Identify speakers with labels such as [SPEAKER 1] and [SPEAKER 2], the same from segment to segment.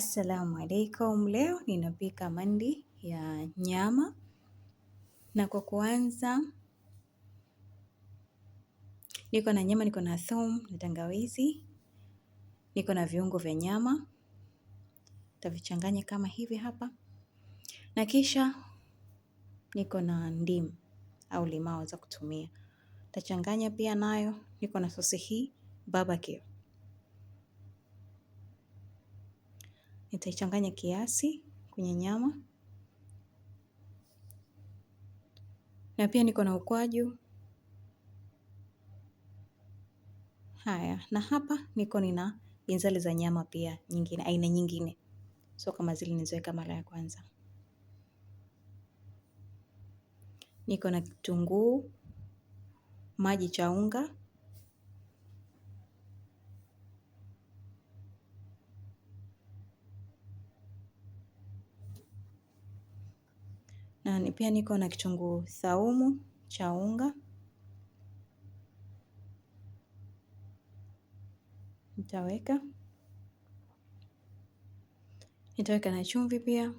[SPEAKER 1] Assalamu alaikum, leo ninapika mandi ya nyama, na kwa kuanza, niko na nyama, niko na thum na tangawizi, niko na viungo vya nyama, tavichanganya kama hivi hapa, na kisha niko na ndimu au limao za kutumia, tachanganya pia nayo. Niko na sosi hii barbecue Nitaichanganya kiasi kwenye nyama. Na pia niko na ukwaju. Haya, na hapa niko nina inzali za nyama pia nyingine, aina nyingine. so kama zile nilizoweka mara ya kwanza. Niko na kitunguu, maji cha unga, Ah, na pia niko na kitunguu saumu cha unga. Nitaweka nitaweka na chumvi pia.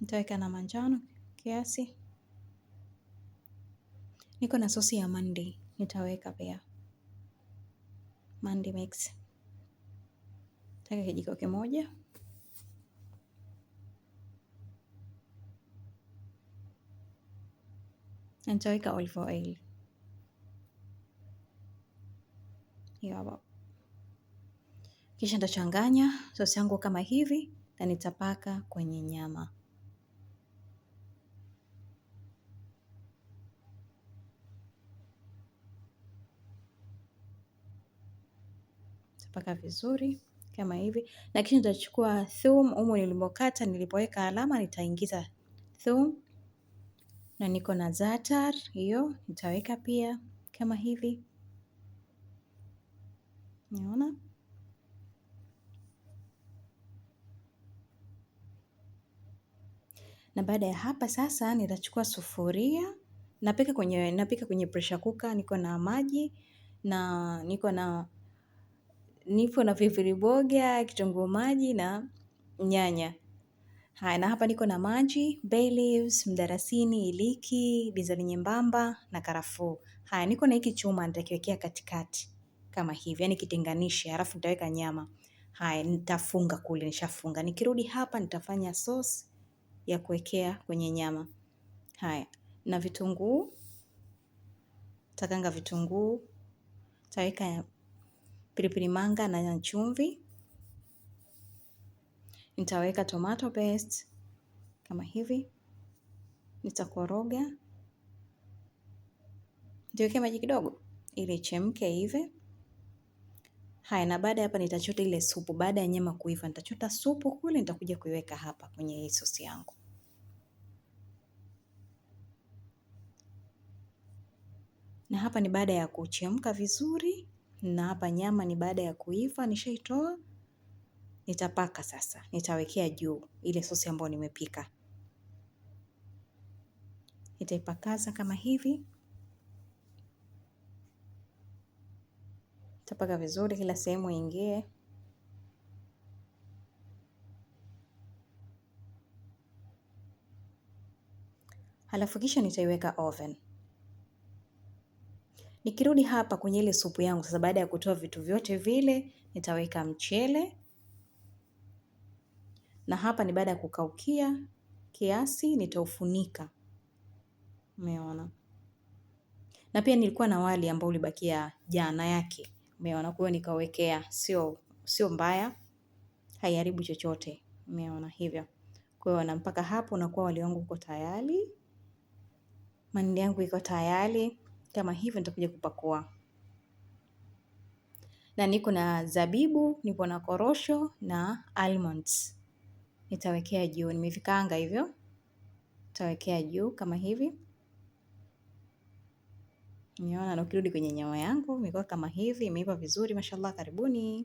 [SPEAKER 1] Nitaweka na manjano kiasi. Niko na sosi ya mandi, nitaweka pia. Mandi mix. Taka kijiko kimoja. nitaweka olive oil. Hiyo hapo. Kisha nitachanganya sosi yangu kama hivi na nitapaka kwenye nyama. nitapaka vizuri kama hivi, na kisha nitachukua thum humu nilimokata, nilipoweka alama nitaingiza thum, na niko na zatar hiyo nitaweka pia kama hivi, naona na baada ya hapa sasa, nitachukua sufuria napika kwenye, napika kwenye pressure cooker. Niko na maji na niko na nipo na pilipili boga, kitunguu maji na nyanya. Haya, na hapa niko na maji, bay leaves, mdarasini, iliki, bizari nyembamba na karafuu. Haya, niko na hiki chuma nitakiwekea katikati kama hivi, yani kitenganishe, halafu nitaweka nyama. Haya, nitafunga kule, nishafunga. Nikirudi hapa nitafanya sauce ya kuwekea kwenye nyama. Haya, na vitunguu, takanga vitunguu, taweka pilipili manga na chumvi. Nitaweka tomato paste kama hivi, nitakoroga, nitawekea maji kidogo ili ichemke hivi. Haya, na baada hapa nitachota ile supu. Baada ya nyama kuiva, nitachota supu kule, nitakuja kuiweka hapa kwenye hii sosi yangu. Na hapa ni baada ya kuchemka vizuri. Na hapa nyama ni baada ya kuiva, nishaitoa. Nitapaka sasa, nitawekea juu ile sosi ambayo nimepika. Nitaipakaza kama hivi. Nitapaka vizuri kila sehemu ingie. Halafu kisha nitaiweka oven. Nikirudi hapa kwenye ile supu yangu sasa, baada ya kutoa vitu vyote vile, nitaweka mchele, na hapa ni baada ya kukaukia kiasi, nitaufunika. Umeona? Na pia nilikuwa na wali ambao ulibakia jana yake, umeona? Kwa hiyo nikawekea, sio sio mbaya, haiharibu chochote, umeona hivyo. Kwa hiyo na mpaka hapo unakuwa wali wangu uko tayari, mandi yangu iko tayari. Kama hivyo nitakuja kupakua. Na niko na zabibu, nipo na korosho na almonds. Nitawekea juu, nimevikaanga hivyo. Nitawekea juu kama hivi. Niona na ukirudi kwenye nyama yangu imekuwa kama hivi, imeiva vizuri mashallah, karibuni.